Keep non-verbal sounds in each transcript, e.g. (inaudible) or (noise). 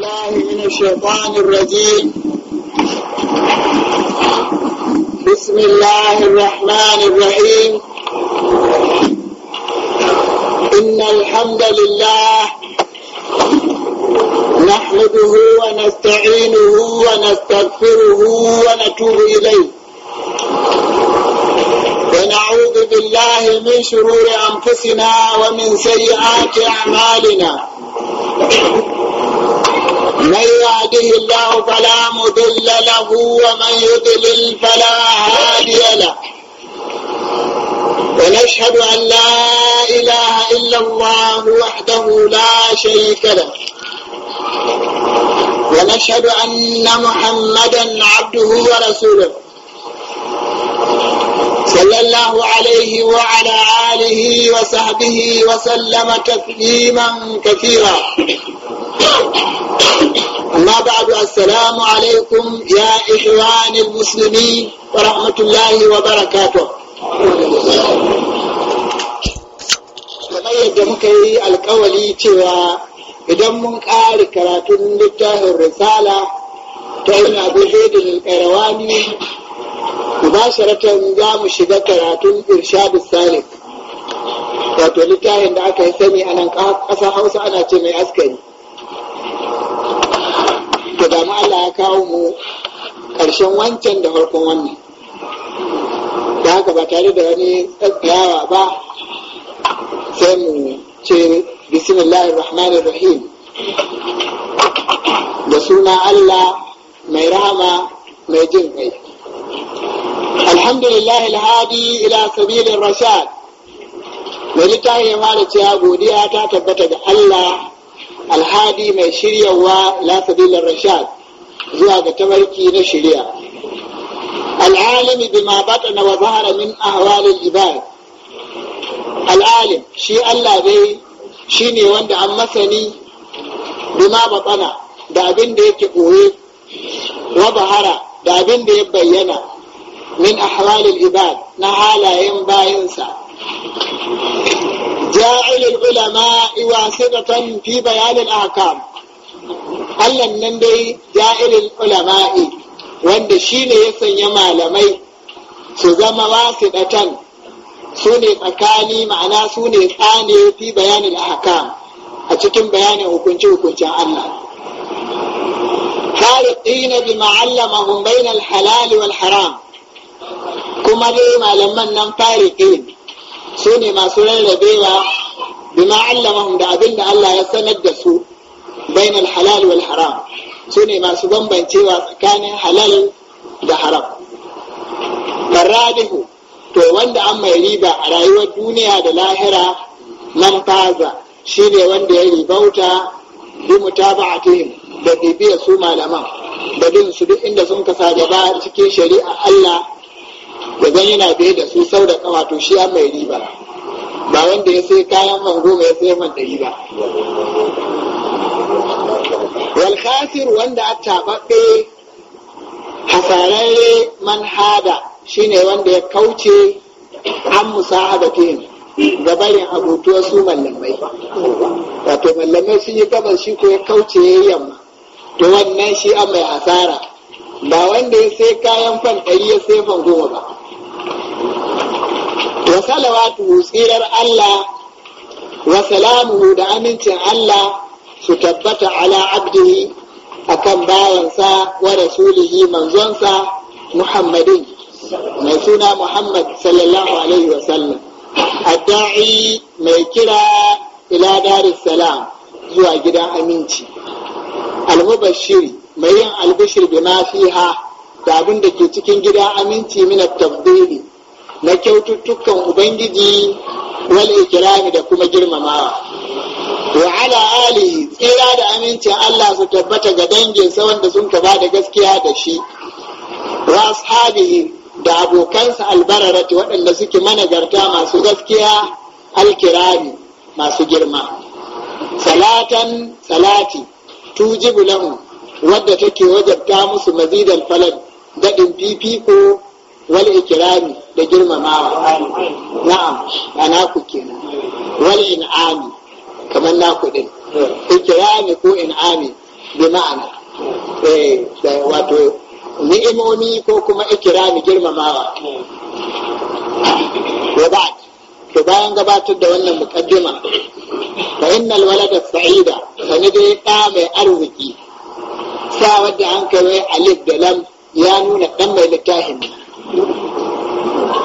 الله من الشيطان الرجيم بسم الله الرحمن الرحيم إن الحمد لله نحمده ونستعينه ونستغفره ونتوب إليه ونعوذ بالله من شرور أنفسنا ومن سيئات أعمالنا من يهده الله فلا مضل له ومن يضلل فلا هادي له ونشهد أن لا إله إلا الله وحده لا شريك له ونشهد أن محمدا عبده ورسوله صلى الله عليه وعلى آله وصحبه وسلم تسليما كثيرا أما بعد السلام عليكم يا إخوان المسلمين ورحمة الله وبركاته kamar yadda muka yi alkawali cewa idan mun ƙari karatun littafin risala ta yin abu ba shi ratan za mu shiga karatun irshadu salik wato littafin da aka yi sani a nan ƙasar hausa ana ce mai askari ƙarshen wancan da farkon wannan da haka ba tare da wani tsayawa ba sai mu ce bismillahir rahmanir rahim da suna allah mai rahama mai jin kai alhamdulillah alhadi ila sabilin rashad mai littafi ya fara cewa godiya ta tabbata da allah alhadi mai shiryawa ila sabilin rashad zuwa ga tabarki na shari'a al'alimi bima batana wa zahara min ahwalil ibad al'alim shi Allah dai shi ne wanda an masani bima batana da abin da yake ɓoye wa bahara da abin da ya bayyana min ahwalil ibad na halayen bayansa ja'ilul ulama iwasitatan fi bayanil ahkam Allah nan dai irin ulama'i wanda shi ne ya sanya malamai su zama wasu ɗatan su ne tsakani ma'ana su ne tsane fi bayanin haka a cikin bayanin hukunce hukuncin Allah. Fariɗina bi ma'allamahum bainal halali wal haram kuma dai malaman nan fariɗin su ne masu rarrabewa bi ma'allamahum da abin da Allah ya sanar da su bainal halal wal haram su ne masu bambancewa tsakanin halal da haram faradihu to wanda an mai riba a rayuwar duniya da lahira man faza shi ne wanda ya ribauta bi mutaba'atihim da bibiya su malaman da bin su duk inda sun kasa ba cikin shari'a Allah da zan na biye da su sau da kama to shi an mai riba ba wanda ya sayi kayan man goma ya saya man ɗari ba والخاسر وندا wanda a من هذا man hada shine wanda ya kauce an musahabatihim ga su mallamai wato mallamai sun yi gaban shi ko ya kauce ya yamma to wannan shi an mai hasara ba wanda ya sai kayan fan ɗari ya sai fan goma ba wa salawatu tsirar Allah wa salamu da amincin Allah su tabbata ala abdihi akan bayansa wa rasulihi manzonsa muhammadin mai suna muhammad sallallahu alaihi wasallam adda'i mai kira ila salam zuwa gidan aminci almubashiri mai yin albishir bi ma fiha da abin da ke cikin gidan aminci mina tabbili na kyaututtukan ubangiji wal ikrami da kuma girmamawa wa ala alihi tsira da amincin Allah su tabbata ga danginsa wanda sun kaba ba da gaskiya da shi wa ashabihi da abokansa albararati waɗanda suke managarta masu gaskiya alkirami masu girma salatan salati tujibu lahu wadda take wajabta musu mazidan falal daɗin fifiko wal ikirami da girmamawa na'am ana ku wal in'ami kamar na kuɗin ikirami ko in'ami bi ma'ana eh wato ni'imomi ko kuma ikirami girmamawa wa ba to bayan gabatar da wannan mukaddima fa innal walada sa'ida sani dai ɗa mai arziki sa wadda an kai alif da lam ya nuna ɗan mai littafin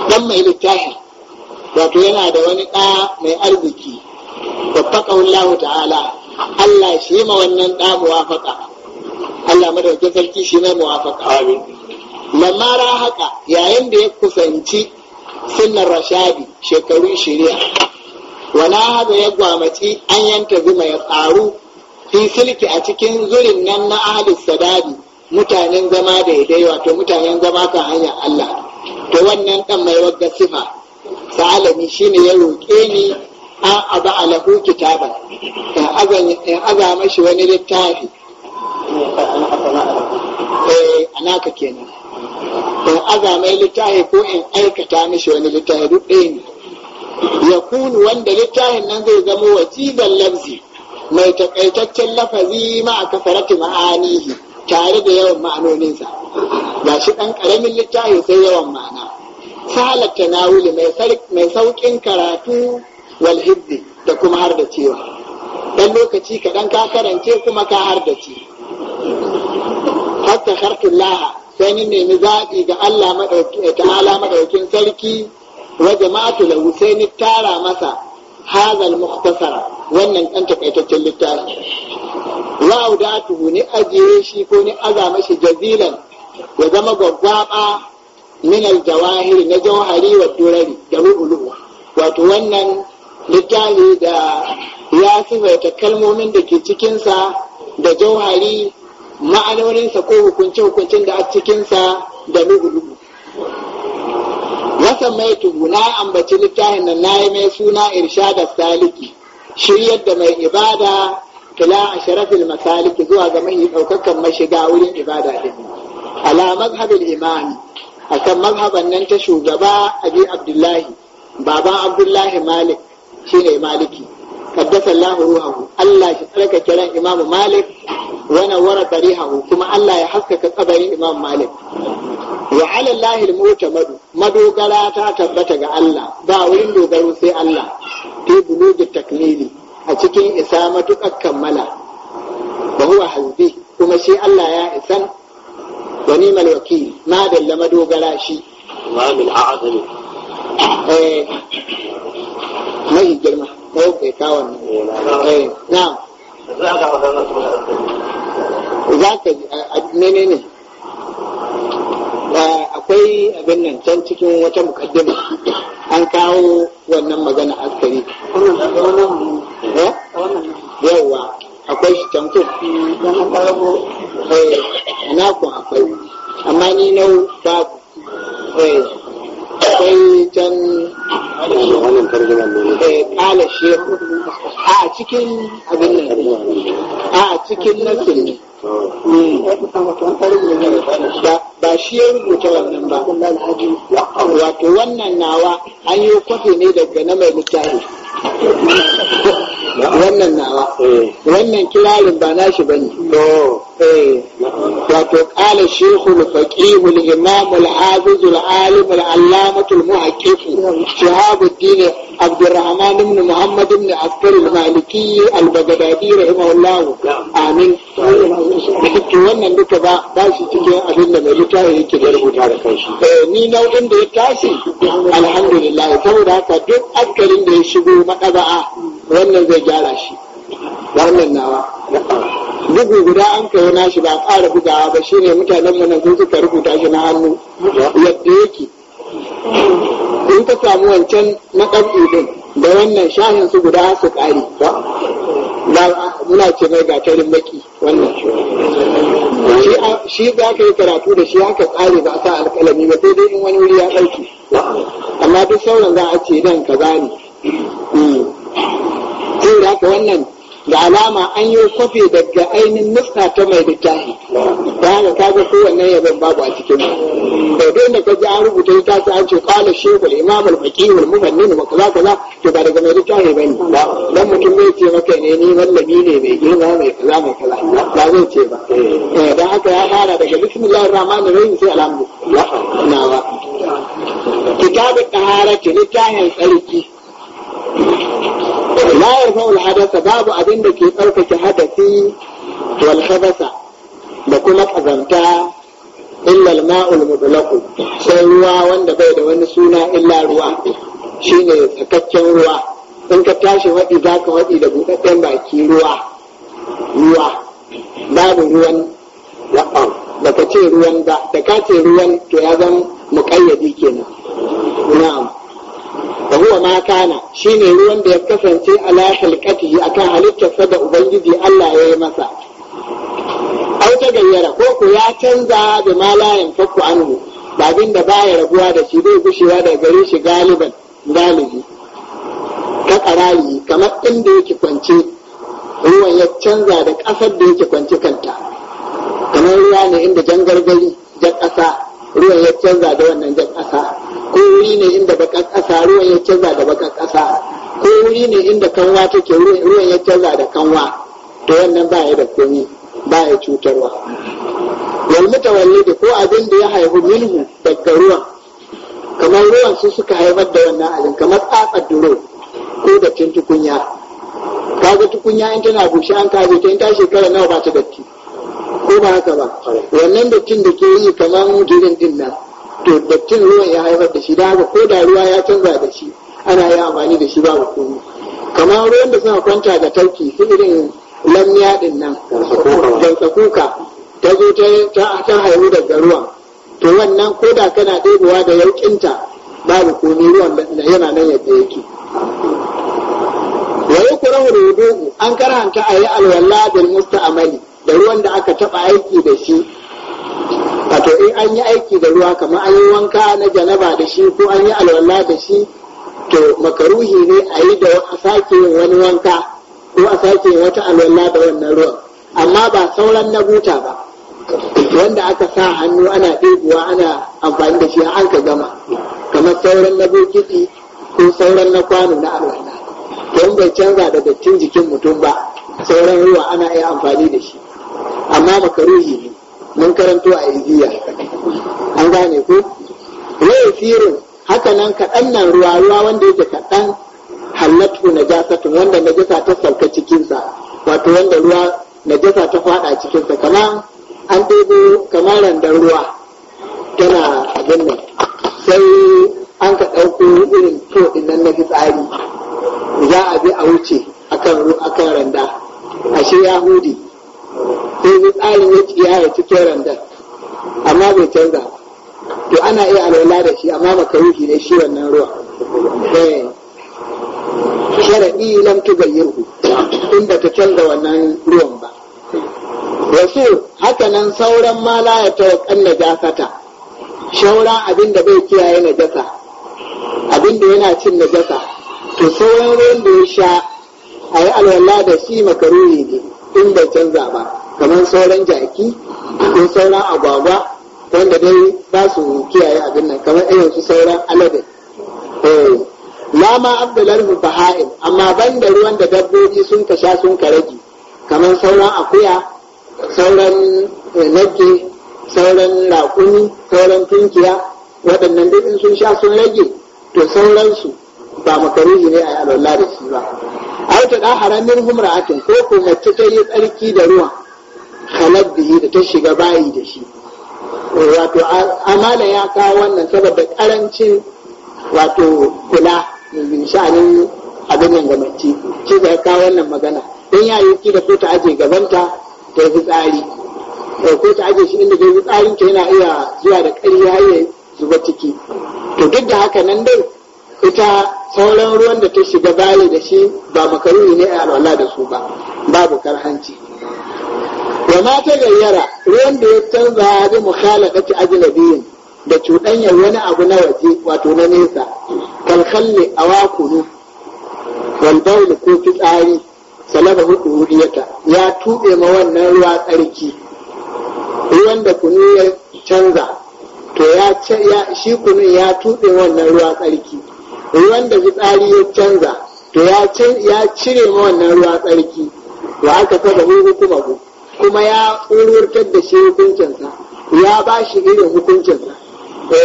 ɗan mai littafin wato yana da wani ɗa mai arziki waffaqahu Allah ta'ala Allah shi ma wannan da muwafaka Allah madaukakin sarki shi ne muwafaka amin lamma ra haka yayin da ya kusanci sunnar rashadi shekaru shirya wala hada ya gwamaci an yanta zuma ya tsaru fi silki a cikin zurin nan na ahalis sadadi mutanen zama da daidai wato mutanen zama kan hanya Allah to wannan dan mai wagga sifa sa'alami shine ya roƙe ni a aba alahu kitaba in aza mashi wani littafi eh anaka kenan in aza mai littafi ko in aikata mashi wani littafi duk ɗaya ne ya kunu wanda littafin nan zai zama wajiban lafzi mai takaitaccen lafazi ma a kafarati ma'anihi tare da yawan ma'anoninsa ba shi ɗan ƙaramin littafi sai yawan ma'ana na wuli mai sauƙin karatu wal da kuma har da cewa dan lokaci kaɗan ka karance kuma ka har da ci hatta harfin sai ni nemi zaɓi ga Allah ta'ala maɗaukin sarki wa jama'atu lahu sai ni tara masa hazal mukhtasara wannan ɗan takaitaccen littafi wa audatuhu ni ajiye shi ko ni azama shi jazilan ya zama gwaggwaɓa min aljawahiri na jawhari wa durari da ru'uluwa wato wannan littafi da ya sifaita kalmomin da ke cikinsa da jauhari ma'anorinsa, ko hukunce hukuncin da a cikinsa da lugu-lugu wasan mai tubu na ambaci littafin nan na yi mai suna irshada saliki shiryar da mai ibada kila a sharafin masaliki zuwa ga mai ɗaukakan mashiga wurin ibada ɗin ala mazhabin imami a kan mazhaban nan ta shugaba abi abdullahi baban abdullahi malik ne maliki kaddasa Allah ruhahu Allah shi tsarka kiran Imam Malik wa nawara tarihahu kuma Allah ya haskaka kabarin Imam Malik wa ala Allah al-mu'tamad madogara ta tabbata ga Allah ba wurin dogaro sai Allah fi bulughi takmili a cikin isa matukar kammala wa huwa hazbi kuma shi Allah ya isan wa ni'mal wakil ma dalla madogara shi wa a'zami eh. mai girma sai kai kawon eh, nan na za ka mene ne ah, akwai abin nan can cikin wata mukaddima an kawo wannan magana askari eh? yawa akwai shi can ko eh, na kun akwai amma ni nau babu akwai can eh, kala shehu a cikin abin nan a cikin nasin hmm. ba shi ya rubuta wannan ba wato wannan nawa an yi kwafi ne daga na mai littafi wannan nawa eh, wannan kirarin ba nashi bane eh, wato qala shaykhu al-faqih al-imam al-hafiz al-alim al-allamah al-muhaqqif shahab ad-din عبد الرحمن Amin. محمد wannan duka ba ba shi cikin abin da mai littafi yake da rubuta da kanshi eh ni nau'in da ya tashi alhamdulillah saboda haka duk askarin da ya shigo madaba'a wannan zai gyara shi wannan nawa bugu guda an kai na shi ba ƙara bugawa ba shine mutanen mu nan sun suka rubuta shi na hannu yadda yake in ka samu wancan na ɗan din da wannan shahin su guda su ƙari muna ce mai gatarin baki wannan shi za ka yi karatu da shi haka tsari ba a sa alƙalami ba sai dai in wani wuri ya ɗauki amma duk sauran za a ce nan ka ne sai da haka wannan da alama an yi kwafi daga ainihin nufna ta mai littafi da haka kaga kowanne yabon babu a cikin mu. da dai da kaji an rubuta ta an ce kala shekul imam al-faqih al-mufannin wa kaza kaza to ba daga mai littafi bane dan mutum zai ce maka ne ni mallami ne mai girma mai kaza mai kaza ba zai ce ba eh dan haka ya fara daga bismillahir rahmanir rahim sai na nawa kitabut taharati littafin tsarki la yarfa'u babu abin da ke tsarkake hadasi wal khabasa da kuma kazanta illal al-ma'ul mutlaq sai ruwa wanda bai da wani suna illa ruwa shine sakakken ruwa in ka tashi wadi zaka wadi da budadden baki ruwa babu ruwan wa'an da ka ce ruwan ba da ka ce ruwan to ya zan muƙayyadi kenan na'am da huwa ma kana shine ruwan da ya kasance ala a akan halittarsa da ubangiji Allah ya yi masa Auta ta gayyara ko ko ya canza da malayan fakku anhu ba abin da baya rabuwa da shi zai gushewa da gare shi galiban galibi ka karayi kamar inda yake kwance ruwan ya canza da ƙasar da yake kwance kanta kamar ruwa ne inda jan gargari jan ƙasa ruwan ya canza da wannan jan ƙasa ko wuri ne inda bakan ƙasa ruwan ya canza da bakan ƙasa ko wuri ne inda kanwa take ruwan ya canza da kanwa to wannan ba ya da komi ba ya cutarwa wal mutawalli da ko abin da ya haihu minhu daga ruwan kamar ruwan su suka haifar da wannan abin kamar tsatsar duro ko da cin tukunya kaga tukunya in tana bushe an kaje ta in ta shekara nawa ba ta datti ko ba haka ba wannan dattin da ke yi kamar jirin din nan to dattin ruwan ya haifar da shi da haka ko da ruwa ya canza da shi ana yi amfani da shi ba mu komi kamar ruwan da suna kwanta da tauki su irin lamya din nan tsakuka, ta zo ta haihu daga ruwan to wannan ko da kana ɗebowa da yauƙinta babu komi ruwan yana nan yadda yake wa yukrahu rudu an karanta ayi alwala bil musta'mali da ruwan da aka taba aiki da shi wato in an yi aiki da ruwa kamar an yi wanka na janaba da shi ko an yi alwala da shi to makaruhi ne a yi da a sake wani wanka ko a sake wata alwala da wannan ruwan amma ba sauran na buta ba wanda aka sa hannu ana ɗebuwa ana amfani da shi an ka gama kamar sauran na bokiti ko sauran na kwano na alwala in bai canza da dattin jikin mutum ba sauran ruwa ana iya amfani da shi amma makaruhi ne mun karanto a iziya an gane ko rai firin haka nan kaɗan nan ruwa ruwa wanda yake kaɗan halattu na jasatun wanda na jasa ta sauka cikinsa wato wanda ruwa na jasa ta faɗa cikinsa Kama an ɗebo kamar randar ruwa tana abin nan sai an ka ɗauko irin to nan na fitsari za a bi a wuce akan randa ashe yahudi sai tsarin ya tsiya ya keren da amma bai canza to ana iya alwala da shi amma yi ne shi wannan ruwa eh. sharaɗi lam tugayyirhu in ba ta canza wannan ruwan ba wasu haka nan sauran ma la ya tawakkan na shauran abin abinda bai kiyaye na jasa, abinda yana cin na jasa, to sauran ruwan da ya sha a yi alwala da shi makaruhi ne in bai canza ba kamar sauran jaki ko sauran agwagwa wanda dai ba su kiyaye abin nan kamar irin su sauran alade eh lama abdullahi baha'im amma ban da ruwan da dabbobi sun ka sha sun ka rage kamar sauran akuya sauran eh, nake sauran raƙumi sauran tunkiya waɗannan duk sun sha sun rage to sauransu ba makaruhi ne a yi alwala da shi ba Aita da haramin humra'atin ko ko mace ta yi tsarki da ruwa. khalat bihi da ta shiga bayi da shi wato amala ya kawo wannan saboda karancin wato kula sha'anin abin nan ga mace ya kawo wannan magana don ya yi kila ko ta aje gabanta ta yi tsari ko ta aje shi inda ta yi tsarin ta yana iya zuwa da ƙarya ya zuba ciki to duk da haka nan dai ita sauran ruwan da ta shiga bayi da shi ba makaruni ne a alwala da su ba babu karhanci wa ma ta gayyara ruwan da ya canza bi mukhalaqati ajnabiyin da cuɗanyar wani abu na waje wato na nesa kalkalli a wakunu walbaul ko tsari salama hudiyata ya tuɓe ma wannan ruwa tsarki ruwan da kunu ya canza to ya ya shi kunu ya tuɓe wannan ruwa tsarki ruwan da tsari ya canza to ya cire ma wannan ruwa tsarki wa aka saba hukumahu kuma ya tsururtar da shi hukuncinsa ya ba shi irin hukuncinsa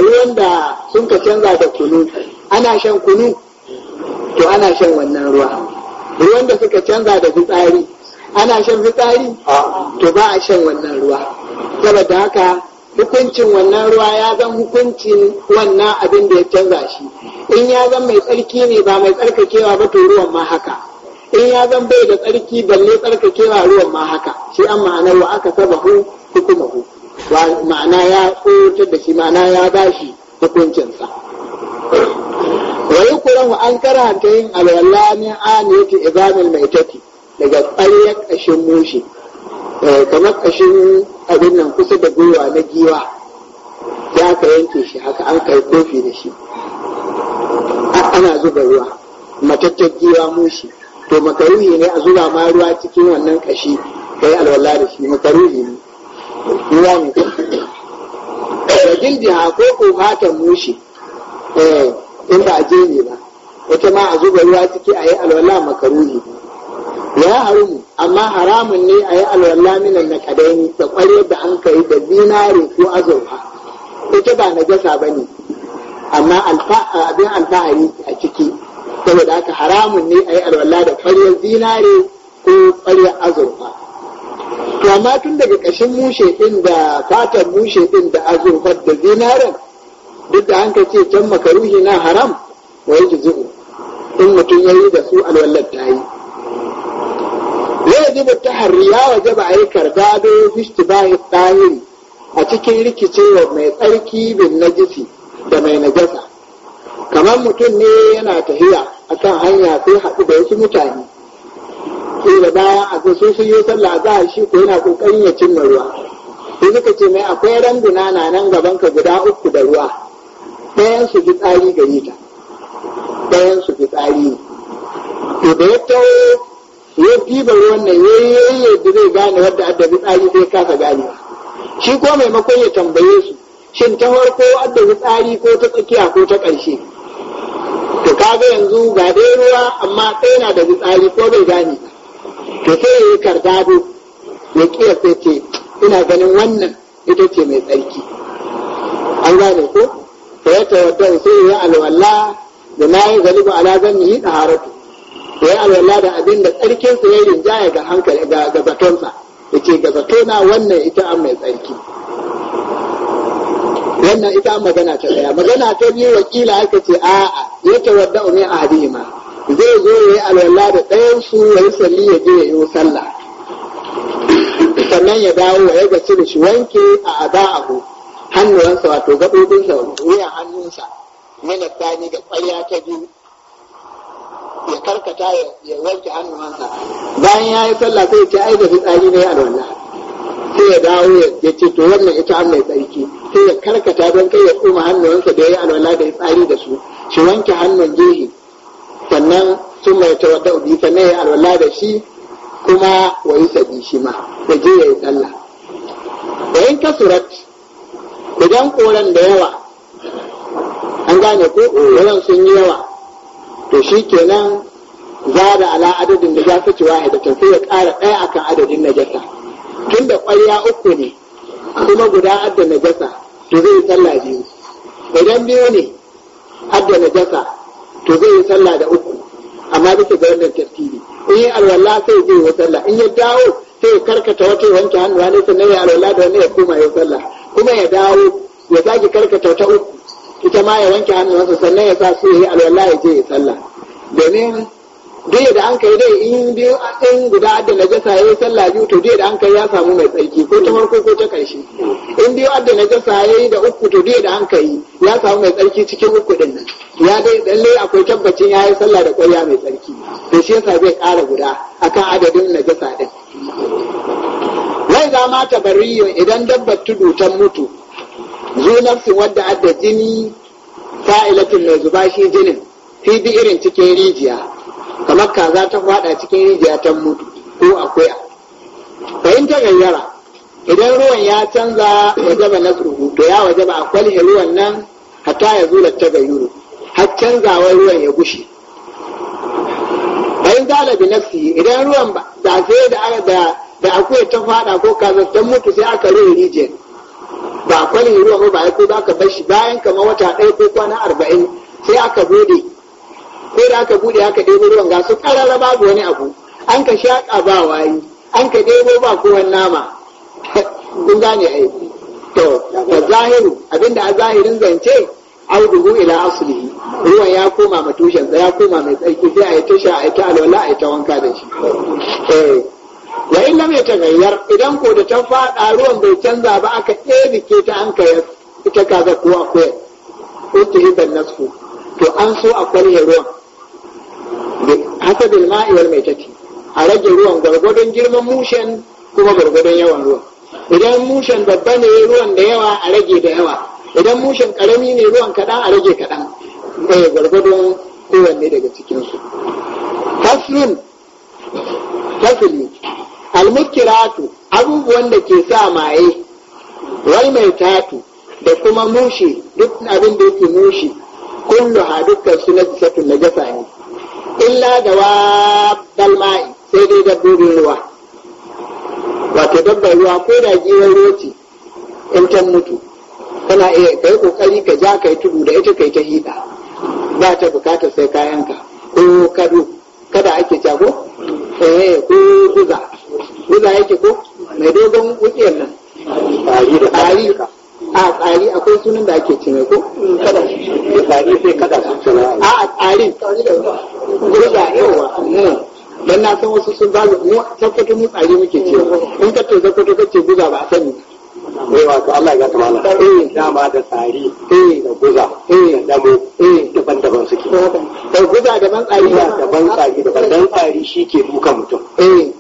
ruwan da sun ka canza da kunu ana shan kunu to ana shan wannan ruwa ruwan da suka canza da fitsari ana shan fitsari to ba a shan wannan ruwa saboda haka hukuncin wannan ruwa ya zan hukuncin wannan abin da ya canza shi in ya zan mai tsarki ne ba mai tsarkakewa ba to ruwan ma haka in ya zan bai da tsarki balle tsarkake wa ruwan ma haka shi an ma'anar wa aka saba hu hu ma'ana ya tsotar da shi ma'ana ya ba shi hukuncinsa wani kuran an karanta yin alwala min aniyati izamil maitati daga tsariyar ƙashin mushi eh, kamar ƙashin abin nan kusa da gwiwa na giwa ya ka yanke shi haka an kai kofi da shi ana zuba ruwa matattar giwa mushi to makaruhi ne a zuba ma ruwa cikin wannan kashi yi alwala da shi makaruhi ne ruwa ne da gildiha ko ko fatan mushi eh in ba a je ne ba wata ma a zuba ruwa ciki a yi alwala makaruhi ya harumu amma haramun ne a yi alwala minan na kadaini da kwaryar da an kai da zinare ko azurfa ita ba na jasa ba ne amma abin alfahari a ciki saboda haka haramun ne a yi alwala da ƙwaryar zinare ko ƙwaryar azurfa to amma tun daga ƙashin mushe ɗin da fatar mushe ɗin da azurfa da zinaren duk da hanka ce can makaruhi na haram wa yake zuɓu in mutum ya yi da su alwallar ta yi yajibu tahri ya wajaba a yi karba da ishtibahi tahiri a cikin rikicewa mai tsarki bin najisi da mai najasa kamar mutum ne yana tahiya a kan hanya sai haɗu da wasu mutane sai da bayan a sun sun yi sallah za a shi ko yana ƙoƙarin ya cimma ruwa sai suka ce mai akwai randuna na nan gaban ka guda uku da ruwa ɗayan su fi tsari gare ta ɗayan su fi tsari to da ya taho ya fi ruwan nan ya yi yadda zai gane wadda adda fi tsari sai kasa gane shi ko maimakon ya tambaye su shin ta farko adda fi tsari ko ta tsakiya ko ta ƙarshe kaga yanzu ga dai ruwa amma sai na da gutsari ko bai gane to sai ya yi kardado ya kiyar sai ce ina ganin wannan ita ce mai tsarki an gane ko da ya tawadda sai ya alwala da na yi galiba ala zan yi ɗaharatu haratu. ya alwala da abin da tsarkinsa ya rinjaya ga hankali ga zatonsa ya ce ga zatona wannan ita an mai tsarki wannan ita magana ta daya magana ta biyu wakila aka ce a ya tawadda umi a zai zo ya yi alwala da ɗayan su ya yi ya je ya yi sallah sannan ya dawo ya gaci da shi wanke a abu hannuwansa wato gaɓoɓinsa wuya hannunsa mana tani da ƙwarya ta biyu ya karkata ya wanke hannuwansa bayan ya yi sallah sai ya ce ai da fitsari ne alwala sai ya dawo ya ce to wannan ita an mai tsarki sai ya karkata don kai ya tsoma hannuwansa da ya yi alwala da ya tsari da su shi wanke hannun jihi. sannan sun mai wata ubi sannan ya alwala da shi kuma wa yi sabi shi ma da je ya yi tsalla da yin kasurat idan koran da yawa an gane ko koran sun yi yawa to shi kenan da ala adadin da za su ci wahida sai ya ƙara ɗaya akan adadin najasa tun da ƙwarya uku ne kuma guda adda najasa to zai yi sallah biyu idan biyu ne adda najasa to zai yi sallah da uku amma duka ga wannan tartibi in yi alwala sai zai yi sallah in ya dawo sai ya karkata wata ya wanke hannuwa ne sannan ya alwala da wani ya koma ya sallah kuma ya dawo ya sake karkata wata uku ita ma ya wanke hannuwansa sannan ya sa su yi alwala ya je ya sallah domin duk da an kai dai in biyu in guda da najasa yayi sallah biyu to duk da an kai ya samu mai tsarki ko ta farko ko ta karshe in biyu da najasa yayi da uku to duk da an kai ya samu mai tsarki cikin uku din nan ya dai lalle akwai tabbacin yayi sallah da ƙwarya mai tsarki Da shi yasa zai ƙara guda akan adadin najasa ɗin. wai za ma tabarriyo idan dabbar tudu ta mutu zu nafsin wadda adda jini fa'ilatin mai zuba shi jinin fi bi irin cikin rijiya kamar kaza ta fada cikin rijiya ta mutu ko a? bayan ta gayyara idan ruwan ya canza ya zaba nasu, to ya ba a kwalhe ruwan nan hatta ya zula ta gayyuru har canzawa ruwan ya gushi. bayan zala bi nafsi idan ruwan ba sai da da da akwai ta fada ko kaza ta mutu sai aka ruwa rijiya ba kwalhe ruwan ba ya ko ba ka bar shi bayan kamar wata ɗaya ko kwana arba'in sai aka bude ko da aka bude haka ɗebo ruwan ga su karara babu wani abu an ka shaƙa ba wayi an ka ɗebo ba kowan nama (laughs) kun gane ai to da zahiru abinda a zahirin zance auduhu ila asli ruwan ya koma ma ya koma mai tsarki sai a yi tusha a yi ta alwala a yi ta wanka da shi eh. wa in lam gayyar idan ko da ta faɗa ruwan bai canza ba aka ɗebike ta an ita kaza ko akwai ko ta hidan nasku to an so a kwalhe ruwan hasabin ma'iwar mai tati a rage ruwan gwargwadon girman mushen kuma gwargwadon yawan ruwan idan mushen babba ne ruwan da yawa a rage da yawa idan mushen karami ne ruwan kaɗan a rage kaɗan bai eh, gwargwadon kowanne daga cikinsu tasrin al almukiratu abubuwan da ke sa maye wal mai tatu da kuma mushi duk abin da yake mushi kullu ha dukkan su na jisatun na jasa ne illa da wabbal mai sai dai dabbobin ruwa wato dabbar ruwa ko da giwar roci in ta mutu tana iya kai kokari ka ja kai tudu da ita kai ta hida ba ta bukata sai kayanka ko kado kada ake jago eh ko guza guza yake ko mai dogon wukiyar nan a yi a tsari akwai sunan da ake cinye ko kada tsari sai kada a a tsari gurza yawa hmm. dan na san wasu sun zalu mu tabbatar mu tsari muke ce in ka to zakwato kace guza ba sani eh wato Allah ya tama na eh dama da tsari eh da guza eh da damo eh daban-daban suke da guza daban tsari daban tsari daban tsari shi ke duka mutum eh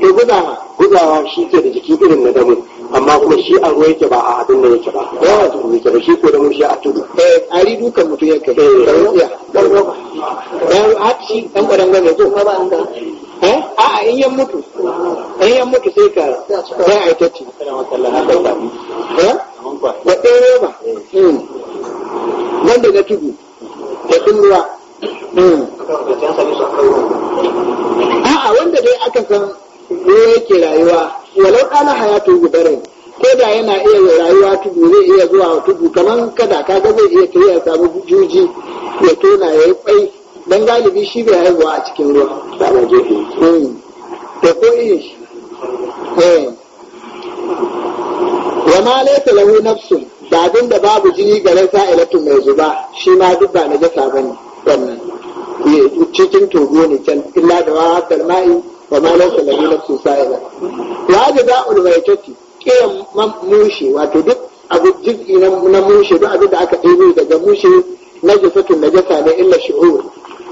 to guza guzawa shi ke da jiki irin na damo amma kuma shi a ruwa yake ba a abin da yake ba ba a tudu yake ba shi ko da mun shi a tudu eh ari dukan mutum yake eh dan ba ba eh a in yan mutu in yan mutu sai ka ba a tati eh ba ɗaya roba wanda hmm. na tudu hmm. a'a wanda dai aka san ne yake rayuwa walau ana hayatu gudarin ko da yana iya rayuwa tudu zai iya zuwa tudu kamar kada ka ga zai iya kai ya samu juji ya tona ya yi kwai dan galibi shi bai haihuwa a cikin ruwa hmm. da ko iya shi eh. wa ma laysa lahu nafsu da abin da babu jini ga rasa ilatu mai zuba shi ma duk na jasa bane wannan eh, cikin togo ne can illa da wa ma'i wa ma laysa lahu nafsun sa'iba wa jaza'ul maytati kiyan mushe wato duk abu na mushe duk da aka ɗebe daga mushe na jisatun na jasa ne illa shi'ur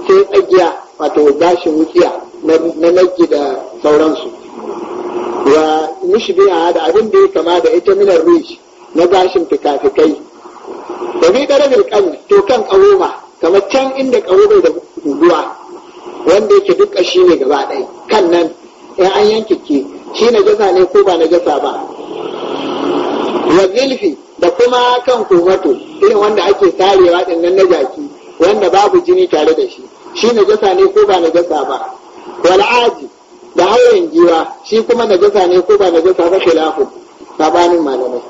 sai tsagiya wato gashin wutsiya na nagi da sauransu wa mushbiha da abin da ya kama da itaminar minar na gashin fikafikai da bi darabil kan to kan kawoma kamar can inda kawo da guguwa wanda yake duk shi ne gaba ɗaya najasa ba wa da kuma kan komato irin wanda ake tarewa din na jaki wanda babu jini tare da shi shi najasa ne ko ba najasa ba wal aji da hauren giwa shi kuma najasa ne ko ba najasa ba khilafu sabanin malamai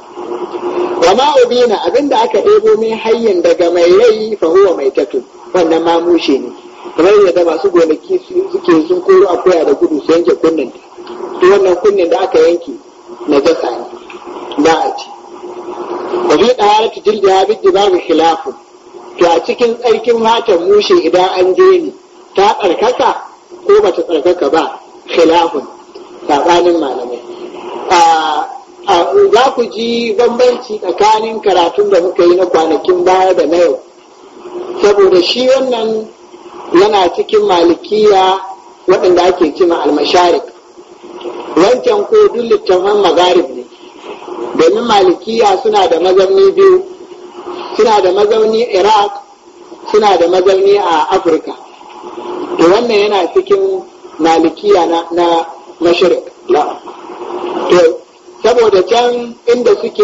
wa ma ubina abinda aka ɗebo min hayyin daga mai rai fa mai tatu wannan ma mushe ne kamar yadda masu gonaki naku to a cikin tsarkin hatan mushe idan an je ni ta tsarkaka ko ba ta tsarkaka ba khilafun sabanin malamai za ku ji bambanci tsakanin karatun da muka yi na kwanakin baya da na yau saboda shi wannan yana cikin malikiya waɗanda ake cima almasharik wancan ko duk littafin magarib ne domin malikiya suna da mazarni biyu suna da mazauni iraq suna da mazauni a afirka to wannan yana cikin malikiya na, mashirik to saboda can inda suke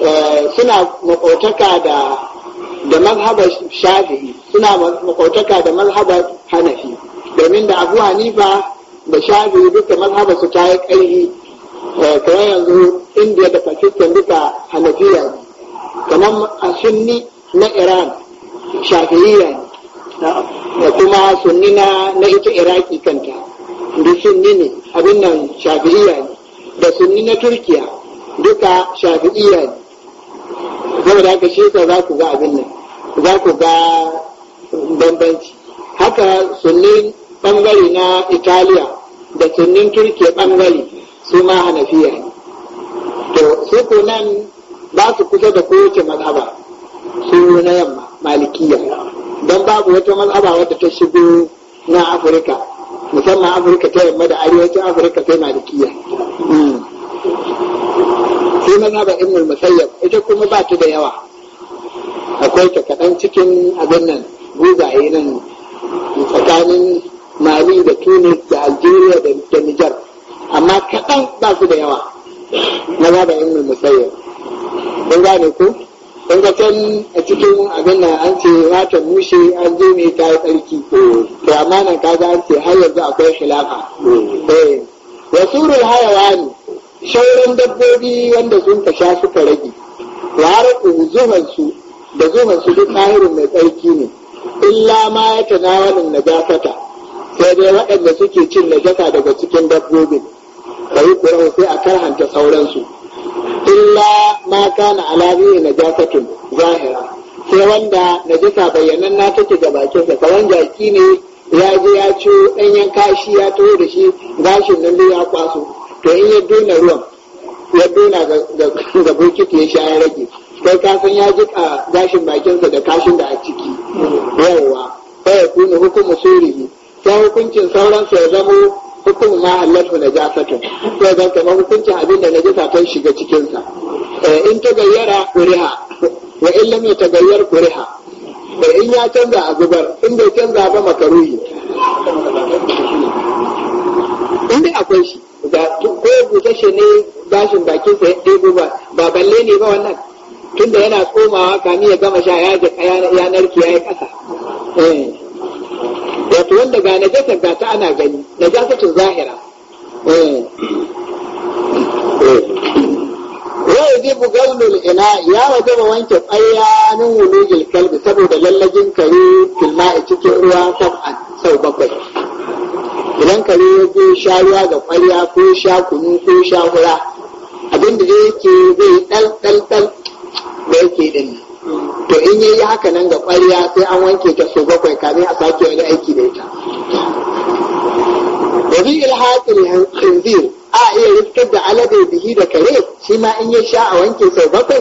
eh, suna makotaka da da mazhabar shafi'i suna makotaka da mazhabar hanafi domin da abu hanifa da shafi'i duka mazhabar su ta yi ƙaihi, eh, kamar yanzu indiya da pakistan duka hanafiya a sunni na iran shafi'iyya da kuma sunni na ita iraki kanta da sunni ne abin nan shafi'iyya ne da sunni na turkiya duka shafi'iyya ne saboda haka shi ka za ku ga abin nan za ku ga bambanci haka sunni bangare na italiya da sunnin turkiya bangare su ma hanafiya ne to su nan ba su kusa da kowace mazhaba sun yi na yamma malikiya don babu wata mazhaba wadda ta shigo na afirka musamman afirka ta yamma da arewacin afirka sai malikiya hmm. sai mazhaba ibn musayyab ita kuma ba ta da yawa akwai ta kaɗan cikin abin nan guzaye nan tsakanin mali da tunis da algeria da nijar amma kaɗan ba su da yawa na zaba da ilmin kun gane ko kun ga can a cikin abin nan an ce ya ta bushe an zo ne ta yi tsarki mm. to amma nan ga an ce har yanzu akwai khilafa mm. eh surul ne. shauran dabbobi wanda sun sha suka rage warqu zuman su da zuman su duk tahirin mai tsarki ne illa ma ya tanawalin najasata sai dai waɗanda suke cin najasa daga cikin dabbobin kai kurau sai a karhanta sauransu illa ma kana ala bihi najasatin zahira sai wanda najasa bayanan na take ga bakin sa kawan jaki ne ya je ya ci danyen kashi ya taho da shi gashin nan ya kwaso to in ya dona ruwan ya dona ga bokiti ya sha ya rage kai ka san ya jika gashin bakinsa da kashin da a ciki yawwa fa ya kuna hukumu sai hukuncin sauransa ya zamo hukun ma allatu na jasatun ko zan kamar hukuncin abin da najasa ta shiga cikinsa eh, in ta gayyara kuriha wa in lam ya tagayyar kuriha eh, in ya canza a zubar in bai canza ba makaruhi in dai akwai shi ko busashe ne gashin bakin sa ya ɗebo ba ba balle ne ba wannan tunda yana komawa kamin ya gama sha ya narke ya yi ƙasa eh. wato wanda ga najasar ga ta ana gani najasatun zahira eh. Eh. yajibu bugar ina ya ba wanke tsayanin wulujil kalbi saboda lallajin kare a cikin ruwa sab'an sau bakwai idan kare ya je sha ruwa ga kwarya ko sha kunu ko sha hura abinda da yake zai dal dal dal da yake to in yayi haka nan ga ƙwarya sai an wanke ta so bakwai kamin a sake wani aiki da ita wa fi ilhaqil khinzir a iya riskar da alade bihi da kare shi ma in ya sha a wanke sau bakwai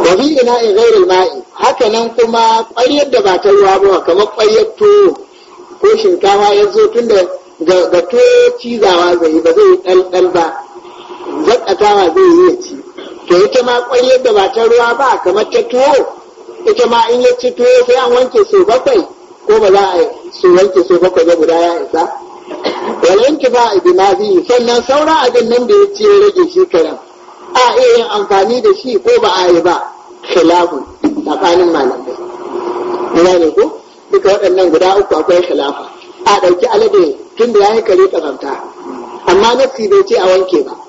wa fi ina in ghairi ma'i haka nan kuma kwariyar da ba ta ruwa ba kamar kwariyar tuwo ko shinkafa ya zo tunda da ga tuwo cizawa zai ba zai ɗalɗal ba zaƙatawa zai yi ci to ita ma da ba ta ruwa ba kamar ta tuwo ita ma in ya ci tuwo sai an wanke so bakwai ko ba za a so wanke so bakwai ba guda ya isa walin ki ba a bi ma biyu sannan sauran abin nan da ya ce ya rage shi a iya yin amfani da shi ko ba a yi ba khilafu tsakanin malamai ina ne ko duka waɗannan guda uku akwai khilafa a ɗauki alade tun da ya yi kare ƙazanta amma nafsi bai ce a wanke ba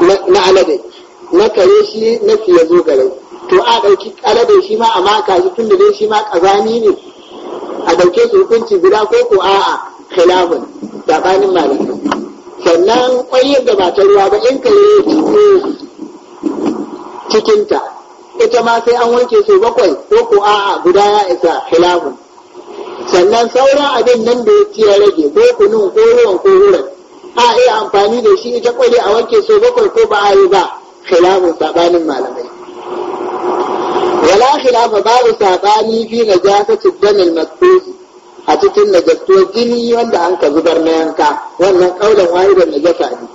na alade na kare shi na fiye zo gare to a ɗauki alade shi ma a maka shi tun da shi ma kazani ne a ɗauke su hukunci guda ko ko a khilafin sabanin malaka sannan ƙwayar da ba ta ruwa ba in kare cikin cikinta ita ma sai an wanke su bakwai ko ko a guda ya isa khilafin sannan sauran abin nan da ya rage ko kunun ko ruwan ko wurin. a iya amfani da shi ita kwale a wanke so bakwai ko ba a yi ba khilafin sabanin malamai wala khilafa babu sabani fi najasatu damil maktusi a cikin najastuwar jini wanda an ka zubar na yanka wannan kaulan wahidan najasa ne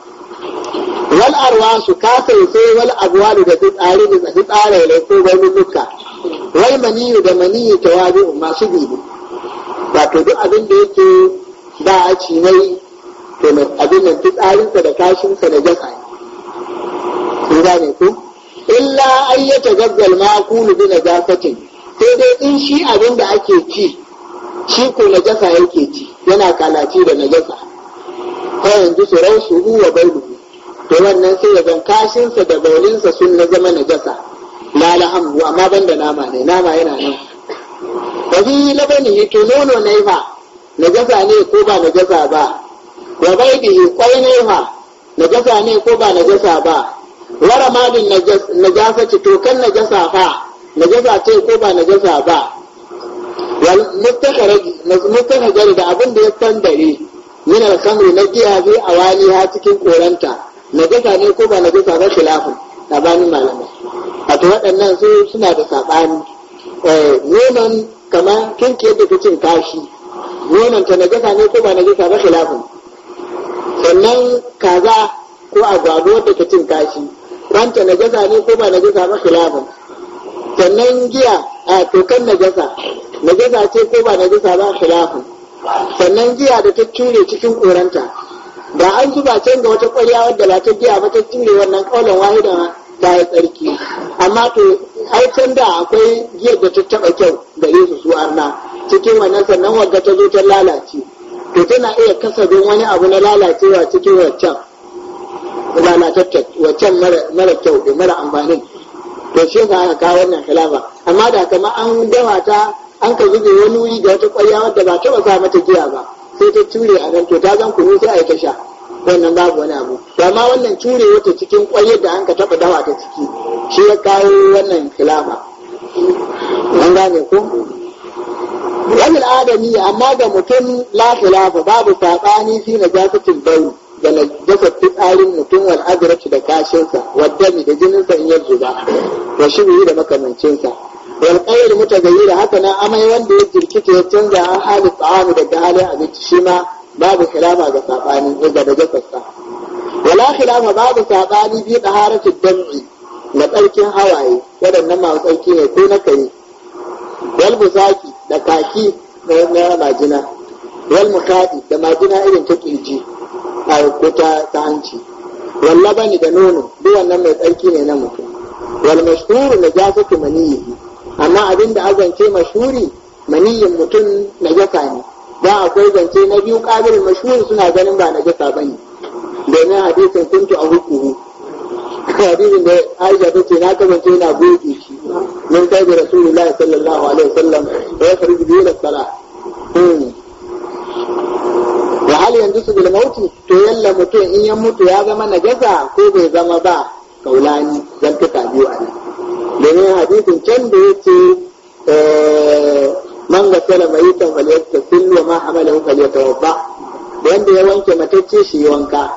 wal arwasu ka sai wal abwalu da fitsari da tsare da ko wani duka wal maniyu da maniyu tawabi masu bibi wato duk abin da yake ba a cinai to mai abin nan fitsarinsa da kashinsa da jasa sun gane ku illa an ya tagaggal ma kulu bi najasatin sai dai in shi abin da ake ci shi ko najasa yake ci yana kalaci da na najasa Ta yanzu su su Uwa bai bailu to wannan sai yaban zan kashinsa da baulinsa sun na zama najasa la lahamu amma ban da nama ne nama yana nan wani labani labanihi to nono na yi ba, na najasa ne ko ba na najasa ba wa baidihi kwai ne najasa ne ko ba najasa ba wara malin najasa ce to kan najasa fa najasa ce ko ba najasa ba wal mustakhari da abin da ya tandare min al khamri na giya bi awali ha cikin koranta najasa ne ko ba najasa ba khilafu tabani malama to waɗannan su suna da sabani eh nonon kamar kinki da kace kashi nonon ta najasa ne ko ba najasa ba khilafu sannan kaza ko agwagwa wanda ke cin kashi wanta gaza ne ko ba na najasa ba khilafin sannan giya a tokan na gaza ce ko ba na najasa ba khilafin sannan giya da ta cure cikin koranta da an zuba can ga wata ƙwarya wadda ba ta giya ba ta cure wannan ƙaunar wahida ta yi tsarki amma to ai can da akwai giyar da ta taɓa kyau gare su su arna cikin wannan sannan wagga ta zo ta lalace to tana iya kasabin wani abu na lalacewa cikin waccan lalatattar waccan mara kyau da mara amfanin to shi ga aka kawo wannan kalaba amma da kama an dawa ta an ka zube wani wuri da wata ƙwarya wadda ba ta sa mata giya ba sai ta ture a nan to ta zan kunu sai a yi tasha, wannan babu wani abu to amma wannan ture wata cikin ƙwaryar da an ka taɓa dawa ta ciki shi ya kawo wannan kalaba an gane ko Wani al'adami amma ga mutum lafilafa babu saɓani fi na jasatin bau da najasar fitsarin mutum wal azraci da kashinsa waddami da jininsa in ya zuba wa shi da makamancinsa. Wal ƙayar da haka na amai wanda ya jirkita ya canza an hali tsawani daga halin abinci shi ma babu khilama ga saɓani ga najasarsa. Wala khilama babu saɓani fi ɗaharatin dam'i na tsarkin hawaye waɗannan masu tsarki ne ko na kai. Wal busaki da kaki na majina wal mukadi da majina irin ta kirji a ko ta hanci wal labani da nono duk wannan mai tsarki ne na mutum wal mashhur ta maniyi amma abin da azance mashhuri maniyin mutum na jaka ne da akwai zance na biyu kabirin mashuri suna ganin ba na ba bane domin hadisin kuntu a hukuhu hadisin da Aisha ta ce na kasance yana goge shi min kai da Rasulullahi sallallahu alaihi wasallam da ya farji biyu da sala hmm. wa hal yanzu su bil mauti to yalla mutum in ya mutu ya zama najasa ko bai zama ba kaulani zan ta biyu a nan domin hadisin can da yake eh, man gasala mayitan falyastasil wa ma hamalahu falyatawabba wanda ya wanke matacce shi wanka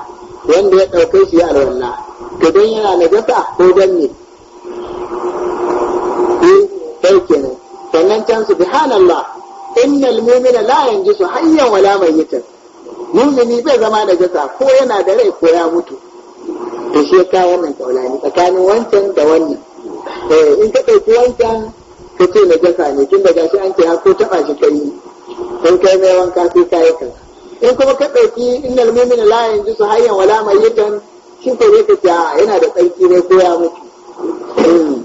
wanda ya ɗauke shi alwala Ka don yana najasa ko don ne ɗai eh, kenan sannan can su subhanallah innal mu'mina la yanjisu hayyan wala mayyitan mu'mini bai zama najasa ko yana da rai ko ya mutu to shi ka wannan kaulani tsakanin wancan da wannan eh in ka ɗauki wancan ka ce najasa ne tun da gashi an ce ha ko taɓa shi kai in kai mai wanka sai ka yi kaza in kuma ka ɗauki innal mu'mina la yanjisu hayyan wala mayyitan shi ko zai a yana da tsarki ne ko ya mutu hmm.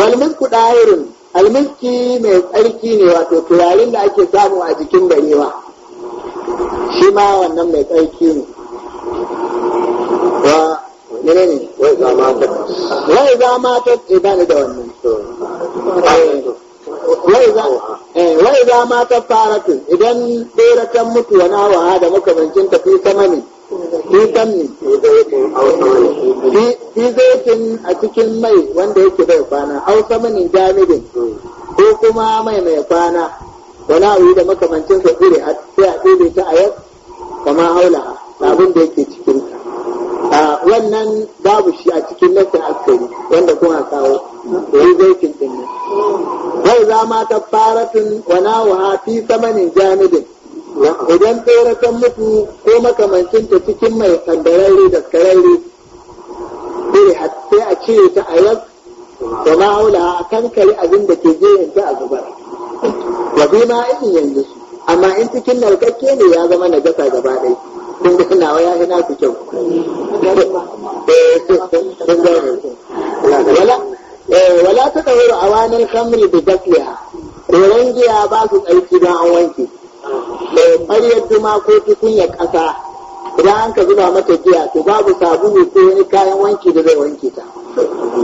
walmin ku dairin alminki mai tsarki ne wato turarin da ake samu a jikin barewa shi ma wannan mai tsarki ne wa ne ne wai za ma ta ibani eh, da wannan wai za eh, ma ta faratu idan tsere kan mutu wani hawa da makamancin tafi sama ne fi kanni fi zaitin a cikin mai wanda yake bai kwana hausa mani jamidin ko kuma mai mai kwana wala yi da makamancin sa iri a sai a ɗebe ta ayat kama haula abin da yake cikin a wannan babu shi a cikin nasin askari wanda kuma kawo da yi zai din nan wai za ma ta faratun wana wa fi samanin jamidin wajen tsoratan mutu ko makamancinta cikin mai kandararri da kararri sai a ce ta a yau da ma'aula a kankare abin da ke yanzu a zubar ya bi ma in yanzu amma in cikin narkakke ne ya zama na gasa gaba ɗai kun ga nawa ya hina su kyau wala eh, ta ɗaura a wanar kamar da jafiya koren giya ba su tsarki ba an wanke mai ƙaryar duma ko tukunyar ƙasa idan an ka zuba mata giya to babu sabulu ko wani kayan wanki da zai wanke ta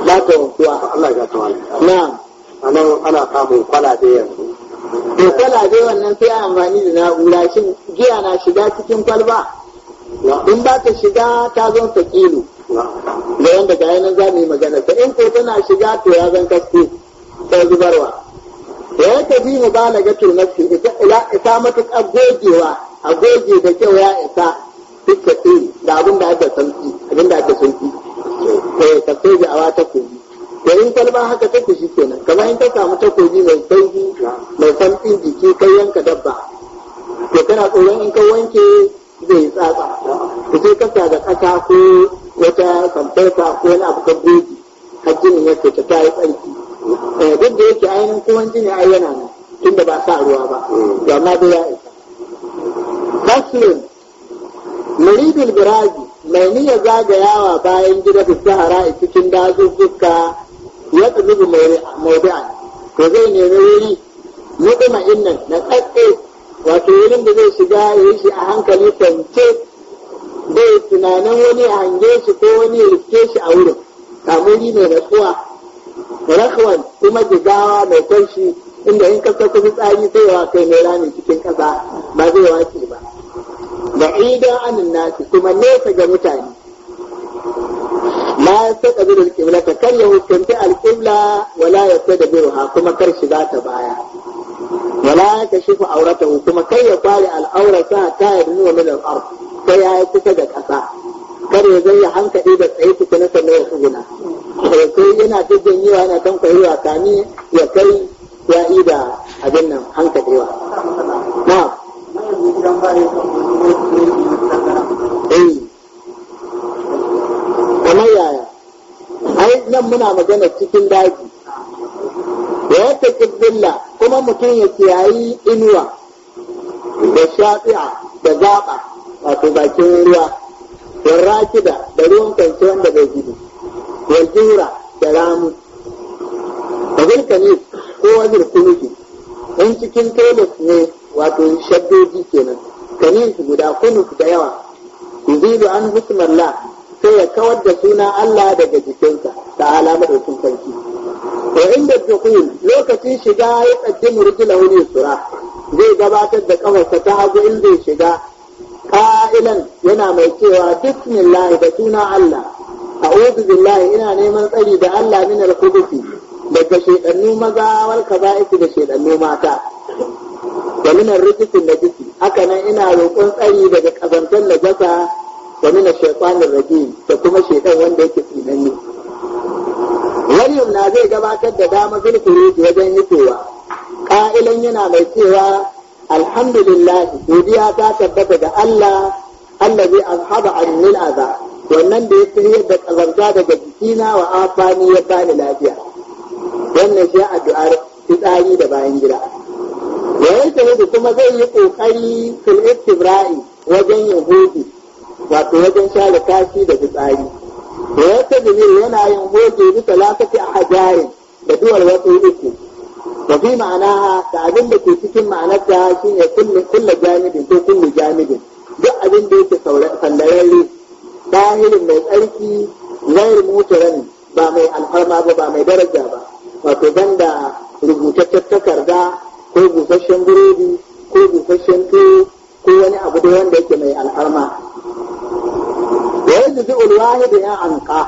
ba ta wankuwa Allah ya ana samun kwalabe yanzu to wannan sai amfani da na'ura shin giya na shiga cikin kwalba in ba ta shiga ta ta kilo da wanda ga yanan za mu yi magana ta in ko tana shiga to ya zan kaske ta zubarwa da ya ta mu balaga to nafsi ita ita matuƙar gogewa a goge da kyau ya isa duka tsiri da abin da aka sanki abin da aka sanki ko ta soja a wata kogi da in kalma haka take shi kenan kamar in ta samu takobi mai sauki mai santin jiki kai yanka dabba to kana tsoron in ka wanke zai tsatsa da sai kasa da ƙasa ko wata samfarka ko wani abu ka goge har ya ta ta yi tsarki Eh, duk da yake ainihin kowan jini a yana nan tunda ba sa ruwa ba to amma dai ya isa faslun muridul biraji mai niyyar zagayawa bayan gida fi sahara cikin dazuzzuka ya tsubu maudu'a ko zai nemi wuri mutuma innan na tsatse wato wurin da zai shiga ya yi shi a hankali kwance bai tunanin wani a hange shi ko wani ya rike shi a wurin kamuri mai natsuwa rakwan kuma jigawa mai kwanshi inda in kasa kuma tsari sai yawa kai mai rami cikin kasa ba zai wace ba da idan anin nasi kuma nesa ga mutane la saka bil qibla ta kan ya hukunta al qibla wala biru ha kuma kar za ta baya wala ta shifu auratahu kuma kai ya kware al aurata ta yi min al ard sai ya kusa da kasa kar ya zai ya hankali da tsaye tuku na sannan ya tsuguna sai yana jirgin yiwa yana kan kwaiwa kani ya kai ya yi da abin nan na eh. kamar yaya ai nan muna magana cikin daji da ta ƙirgilla kuma mutum ya kiyayi inuwa da shafi'a da zaɓa wato bakin ruwa da ruwan والراكدة دلون كنتون دبوجدي والجورة دلامو وذل ko هو ذل كنوكي in cikin toilet ne wato shaddoji kenan kanin su guda kunu da yawa yuzilu an hukmallah sai ya kawar da suna Allah daga jikinsa ta alamar hukun sarki wa inda dukhul lokacin shiga ya tsaddi murjila wani sura zai gabatar da kafarsa ta hagu inda zai shiga قائلا ينا ميكيوا بسم الله بسونا الله أعوذ بالله إنا نيمان تري دا الله من الخبث daga shaidannu maza wal kaba'isi da shaidannu mata da minan rikisin da jiki haka nan ina roƙon tsari daga ƙazantar da jasa da minan shaitanin rajim da kuma shaidan wanda yake tsinanni Maryam na zai gabatar da dama zulfuru wajen hitowa Kailan yana mai cewa alhamdulillah godiya ta tabbata da Allah allazi azhaba annil adha wannan da ya tsiriyar da kazanta daga jikina wa amfani ya bani lafiya wannan shi addu'ar fitsari da bayan gida wa yake kuma zai yi kokari fil istibra'i wajen yahudi wato wajen share kashi da fitsari wa yake yana yin hoji bi lafafi a hajarin da duwar wasu uku wa fi ma'ana da abin da ke cikin ma'anarta shine kullu kulle janibin ko kulle jami'in, duk abin da yake sallararre zahirin mai tsarki zahirin mutaran ba mai alfarma ba ba mai daraja ba wato banda rubutaccen takarda ko busasshen burodi ko busasshen tuwo ko wani abu da wanda yake mai alfarma wa yanzu zai ulwahi da ya anka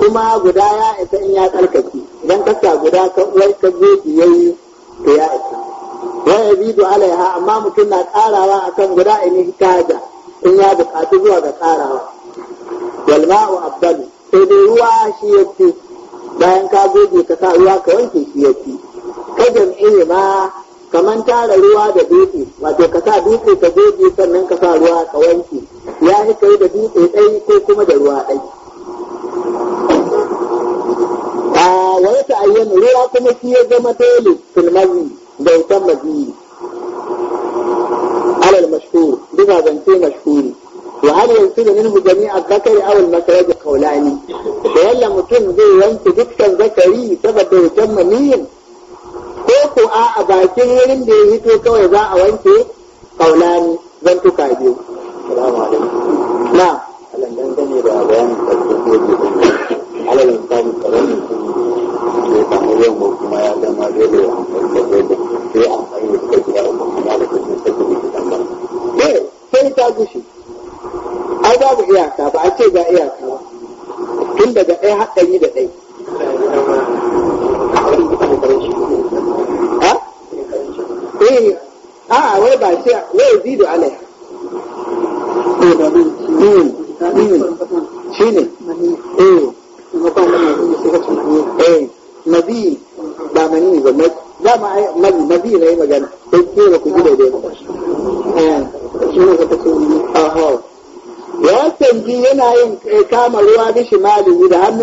kuma guda ya isa in ya tsarkake dan kasa guda ka wai ka ki yayi ka ya isa alaiha amma mutum na karawa akan guda in hitaja in ya bukatu zuwa ga karawa wal ma'u afdalu sai dai ruwa shi yake bayan ka goge ka sa ruwa ka wanke shi yake ka jam'i ma kaman tara ruwa da dutse wato ka sa dutse ka goge sannan ka sa ruwa ka wanke ya gushe ai babu iyaka ba a ce ga iyaka ba tun daga ɗaya har ɗari da ɗai eh a wai ba ce wai zidu alai hmm, hmm, hmm.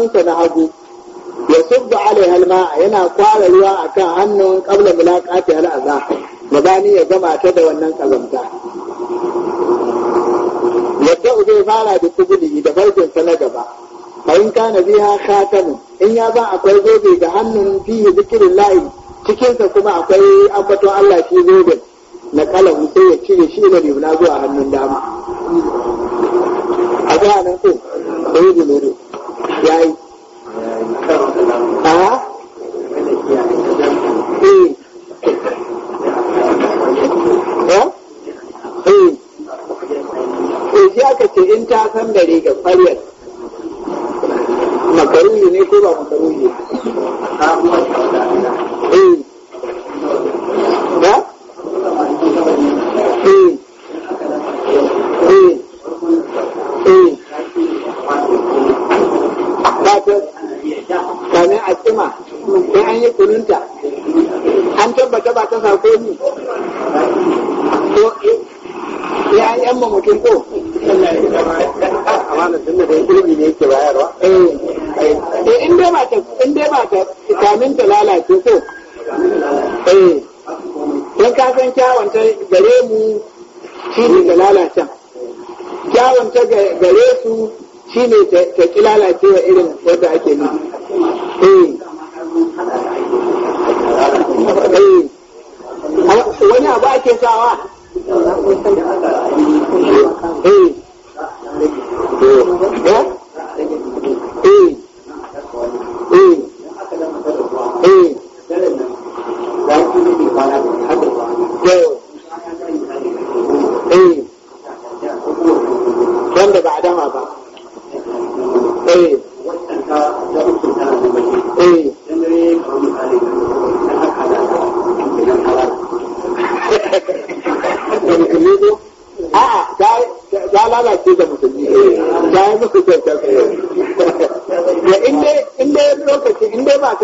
hannunsa na hagu ya subba alai halma yana kwara ruwa akan hannun kabla mulaqati hal azza gabani ya zama ta da wannan kazanta yadda zai fara da kubuli da farkin sa na gaba a in kana biha khatamu in ya ba akwai zobe ga hannun fiye zikirin cikin cikinsa kuma akwai ambaton Allah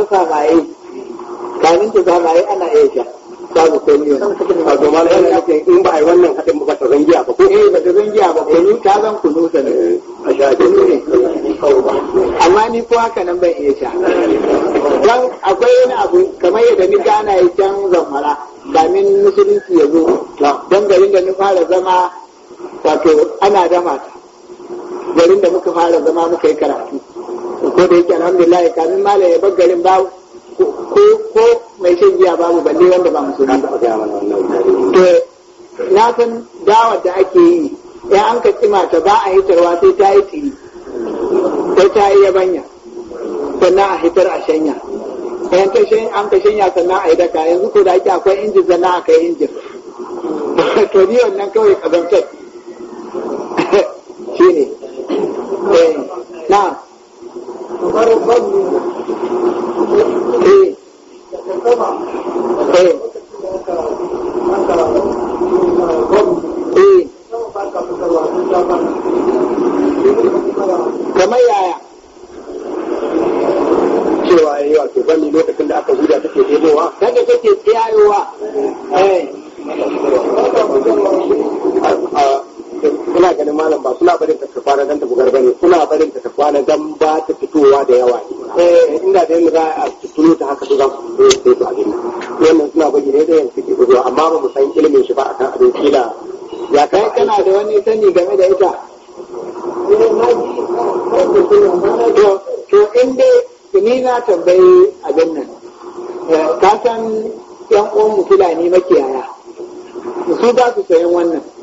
samaye kamin ta samaye ana iya sha babu komi a goma na yana nufin in ba a yi wannan haɗin ba ta zangiya ba ko eh ba ta zan zangiya ba ko eh, ni ta zan kunu ta ne a sha ta ne amma ni ko haka nan ban iya sha don akwai wani abu kamar yadda ni gana ya can zamfara kamin musulunci ya zo don garin da ni fara zama wato ana dama garin da muka fara zama muka yi karatu ko da yake alhamdulillah kamin mala ya bar garin ba ko ko mai shan giya babu balle wanda ba musulmi to na san dawar da ake yi ya an ka tsima ta ba a hitarwa sai ta yi tiri sai ta yi yabanya sannan a hitar a shanya yan ta shanya an ka shanya sannan a yi daka yanzu ko da ake akwai injin zanna a kai injin (laughs) to ni wannan kawai kazantar (laughs) shi ne eh, na kamar yaya cewa ya yi lokacin da aka guda take ɗebowa kada take tsiyayowa suna eh. ganin malam ba suna barin ta kafara dan ta bugar bane suna ina da yadda za a tuno ta haka za su zo sai su abin wannan suna bayyana da yanzu ke gudu amma ba mu san ilimin shi ba a kan abin kila ya kai kana da wani sani game da ita eh, to in dai ni na tambayi abin nan eh, ka san yan uwan mu fulani makiyaya su ba su sayan wannan